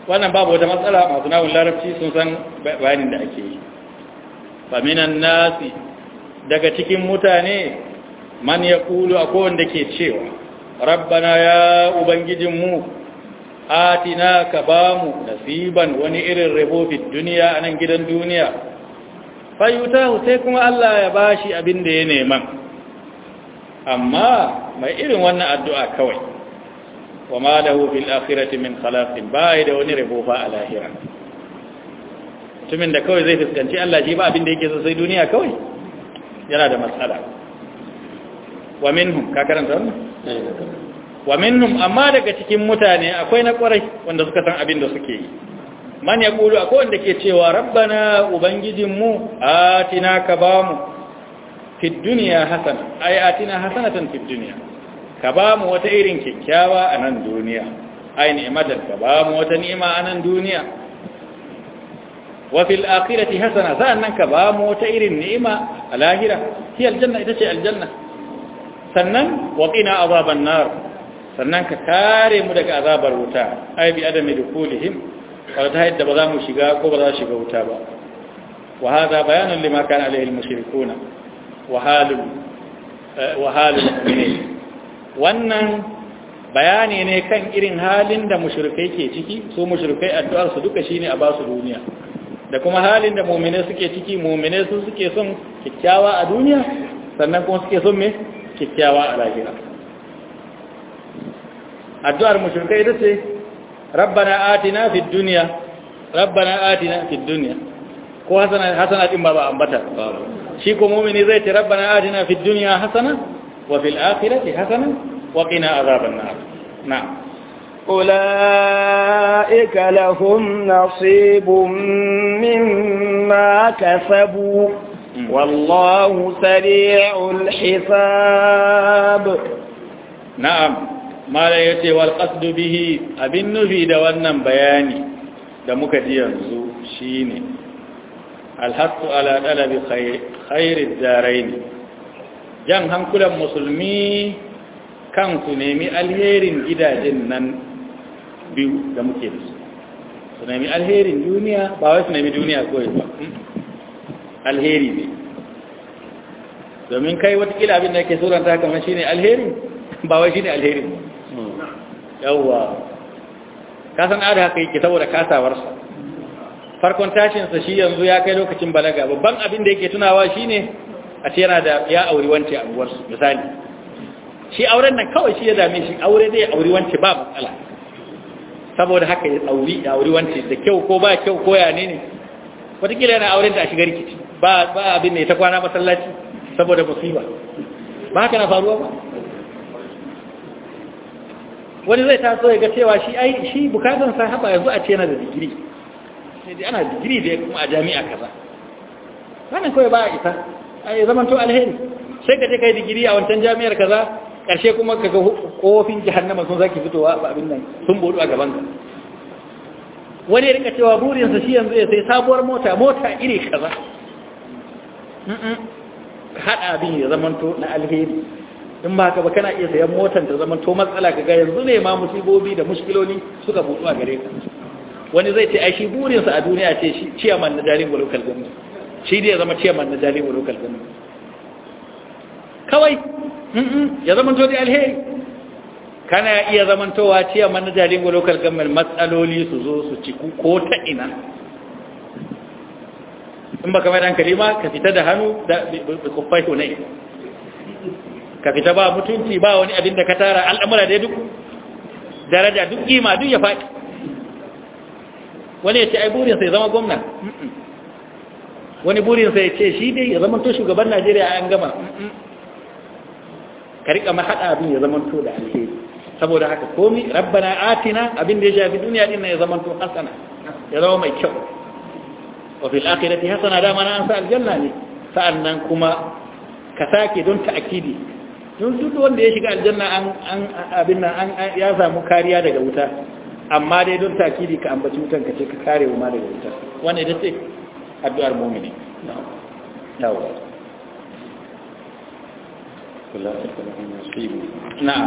S2: wannan babu wata matsala masu nawon larabci sun san bayanin da ake yi faminan nasi daga cikin mutane man ya kulu a kowanda ke cewa rabbana ya ubangijinmu atina ka ba mu nasiban wani irin rahofin duniya a nan gidan duniya fayyuta sai kuma allah ya bashi abin da ya neman amma mai irin wannan addu'a kawai wa ma lahu fil akhirati min khalaqin wani rabo a lahira mutumin da kawai zai fuskanci Allah shi ba abin da yake so sai duniya kawai yana da matsala wa minhum ka karanta wannan wa minhum amma daga cikin mutane akwai na kwarai wanda suka san abin da suke yi man ya kulu akwai ke cewa rabbana ubangijinmu atina ka bamu atina hasanatan fid ka ba mu wata irin kyakkyawa a nan duniya ai ni'matar ka ba mu wata ni'ima a nan duniya wa fil akhirati hasana nan ka ba mu wata irin ni'ima a lahira Ki aljanna ita ce aljanna sannan waƙina qina azaban nar sannan ka kare mu daga azabar wuta ai bi adami dukulihim kada ta yadda ba za mu shiga ko ba za shiga wuta ba wa hada bayanun lima kana alaihi almushrikuna wa halul eh, wa halul mu'minin wannan bayani ne kan irin halin da mushrikai ke ciki su mushrikai addu'ar su duka shine a basu duniya da kuma halin da mu'mini suke ciki mu'mini su suke son kikkiawa a duniya sannan kuma suke son me kikkiawa a lahira addu'ar mushrikai da ce rabbana atina fid dunya rabbana atina fid dunya ko hasana hasana din ba ba ambata shi ko mu'mini zai ce rabbana atina fid dunya hasana وفي الآخرة حسنة وقنا عذاب النار نعم
S1: أولئك لهم نصيب مما كسبوا
S2: والله سريع
S1: الحساب
S2: نعم ما لا يتي والقصد به أبن في دوانا بياني دمك ديانزو شيني الحق على طلب خير, خير الدارين jan hankulan musulmi kan su nemi alherin gidajen nan biyu da muke da su su nemi alherin duniya ba wai su nemi duniya ko ba hmm? alheri ne domin kai watakila abin da ke suranta kamar ne alheri ba wai shi ne alheri ba Ka kasan ada haka yake saboda kasawarsa farkon tashinsa shi yanzu ya kai lokacin balaga babban abin da yake tunawa shi ne. a ce yana da ya auri wance a unguwarsu misali shi auren nan kawai shi ya dame shi aure zai auri wance ba matsala saboda haka ya auri ya auri wance da kyau ko ba kyau ko ya ne ne wataƙila yana auren ta a shiga rikici ba abin ne ta kwana masallaci saboda musiba ba haka na faruwa ba wani zai taso ya ga cewa shi ai shi bukatun sa haba yanzu a ce yana da digiri sai dai ana digiri da kuma a jami'a kaza wannan kawai ba a isa ya zamanto alheri sai ka je kai digiri a wancan jami'ar kaza karshe kuma ka ga kofin jahannama sun zaki fitowa ba abin nan sun bodu a gaban ka wani ya rika cewa burinsa shi yanzu ya sai sabuwar mota mota iri kaza haɗa abin ya zamanto na alheri in ba ka ba kana iya sayan motar ta to matsala ga yanzu ne ma musibobi da mushkiloli suka bodu a gare ka wani zai ce ai shi burinsa a duniya ce shi ciyaman na jarin gwalokal gwamnati shi ne ya zama ciyaman na jami'ar local government kawai ya zama to da alheri kana ya iya zamantowa ciyaman na jami'ar local government matsaloli su zo su ciku ko ta ina in ba kamar hankali ma ka fita da hannu da kufai nai ka fita ba mutunci ba wani abin da ka tara al'amura da duk daraja duk ima duk ya faɗi wani ya ce ai burinsa ya zama gwamna wani burinsa ya ce shi dai ya zamanto shugaban najeriya a gama ka riƙa mahaɗa abin ya zamanto da alheri saboda haka komi rabbana atina abin da ya shafi duniya din ya zamanto hasana ya zama mai kyau wa fil akhirati hasana da mana an sa aljanna ne sa'annan kuma ka sake don ta'kidi don duk wanda ya shiga aljanna an an abin nan an ya samu kariya daga wuta amma dai don ta'kidi ka ambaci wutan ka ce ka kare ma daga wuta wannan ita ce addu'ar mumini yawa na'am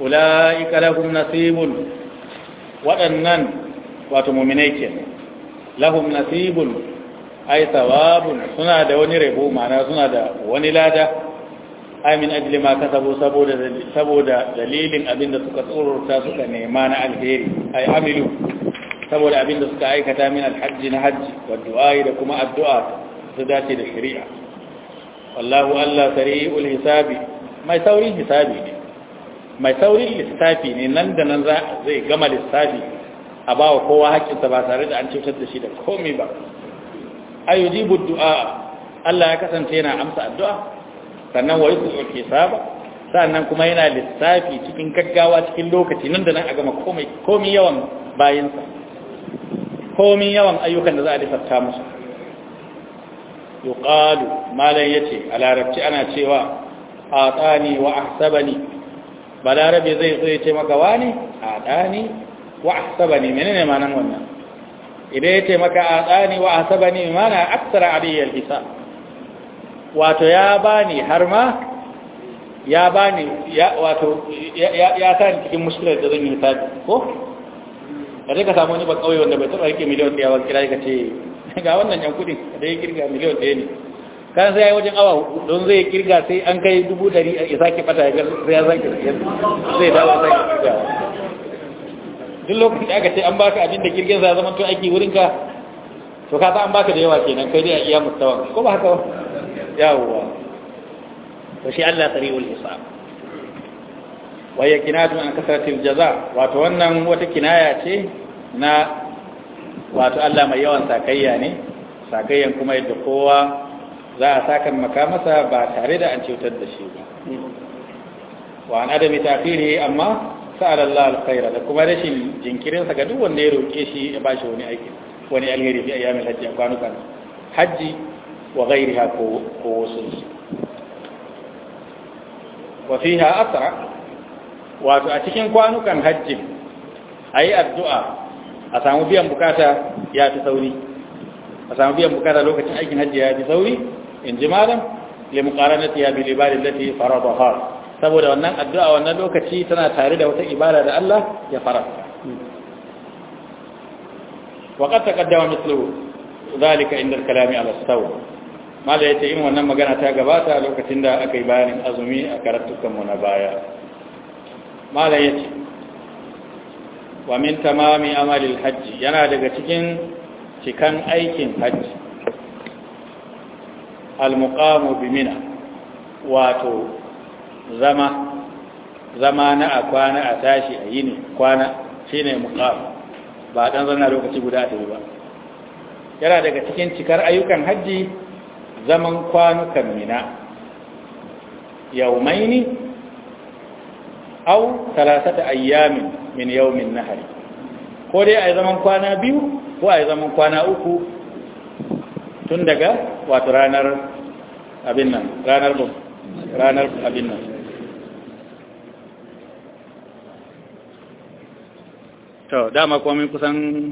S2: ula'ika lahum nasibun waɗannan wato muminai ke lahum nasibun ai sawabun suna da wani rabo mana suna da wani lada amin ajli ma kasabu saboda saboda dalilin abinda suka tsorota suka nema na alheri ai amilu saboda abin da suka aikata min alhajji na hajji wa du'a'i da kuma addu'a su dace da shari'a wallahu Allah sari'ul hisabi mai saurin hisabi ne mai saurin lissafi ne nan da nan zai gama lissafi a ba wa kowa haƙƙinsa ba tare da an cutar da shi da komai ba ayyujibu du'a Allah ya kasance yana amsa addu'a sannan wa yusul hisaba sannan kuma yana lissafi cikin gaggawa cikin lokaci nan da nan a gama komai komai yawan bayansa komin yawan ayyukan da za a lissafta musu yuqalu malan yace a larabci ana cewa atani wa ahsabani balarabe zai zo ya ce maka wani atani wa ahsabani menene ma'anar wannan idan yace maka atani wa ahsabani mana aksara aliyal hisab wato ya bani har ma ya bani ya wato ya ya ta cikin mushkilar da zan yi ta ko da zai ka samu wani ban kauye wanda bai taba yake miliyan ɗaya ba kira ka ce ga wannan yan kudin da ya kirga miliyan ɗaya ne kan sai ya yi wajen awa don zai kirga sai an kai dubu dari a isa ke fata ya zai zai dawo sai kirga duk lokacin da aka ce an baka abin da kirgin sa zama to aiki wurin ka to ka an baka da yawa kenan kai dai a iya mustawa ko ba haka ba yawwa to shi Allah ul hisab waya kinatun an kasaratil jaza wato wannan wata kinaya ce na wato Allah mai yawan sakayya ne sakayyan kuma yadda kowa za a sakan makamasa ba tare da an cutar da shi ba wa an adami tafiri amma sa'ad Allah alkhaira da kuma rashin jinkirin sa ga duk wanda ya roke shi ya bashi wani aiki wani alheri fi ayyamin hajji a kwanukan hajji wa ghairiha ko wasu wa fiha asra wato a cikin kwanukan hajji a yi addu'a a samu biyan bukata ya fi sauri a samu biyan bukata lokacin aikin hajji ya fi sauri in ji malam limukaranati ya bi libarin lati faraba har saboda wannan addu'a wannan lokaci tana tare da wata ibada da Allah ya faranta وقد تقدم مثل ذلك عند الكلام على السوء ما لا يتئم wannan magana ta gabata lokacin da aka yi bayanin azumi a karattukan mu na baya mala ya ce wa min tamami amalil hajji yana daga cikin cikan aikin hajji almuqamu Bimina wato zama zama na a kwana a tashi a yini kwana shine muqam ba dan zana lokaci guda ta ba yana daga cikin cikar ayyukan hajji zaman kwanukan mina maini au talatata ayyamin min yawmin nahari ko dai ay zaman kwana biyu ko ay zaman kwana uku tun daga wato ranar abin nan ranar ranar abin nan to dama ko min kusan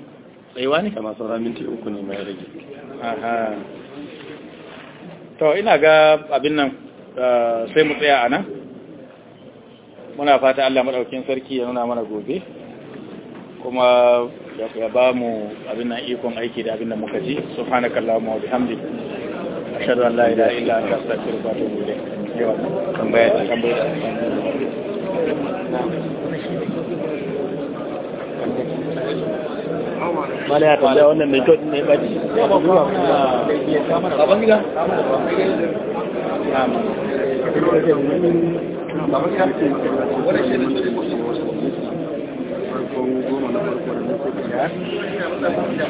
S2: tsayuwa ne kamar sauran minti uku ne mai rage aha to ina ga abin nan eh, sai mu tsaya a nan muna fata Allah maɗaukin sarki ya nuna mana gobe kuma ya ba mu abin nan ikon aiki da abin da muka ji subhanaka wa bihamdik ashhadu an la ilaha illa anta astaghfiruka wa atubu ilayk tambaya tambaya
S3: ya tambaya wannan mai kyau ne ba ji ba ba ba farkon goma na farko da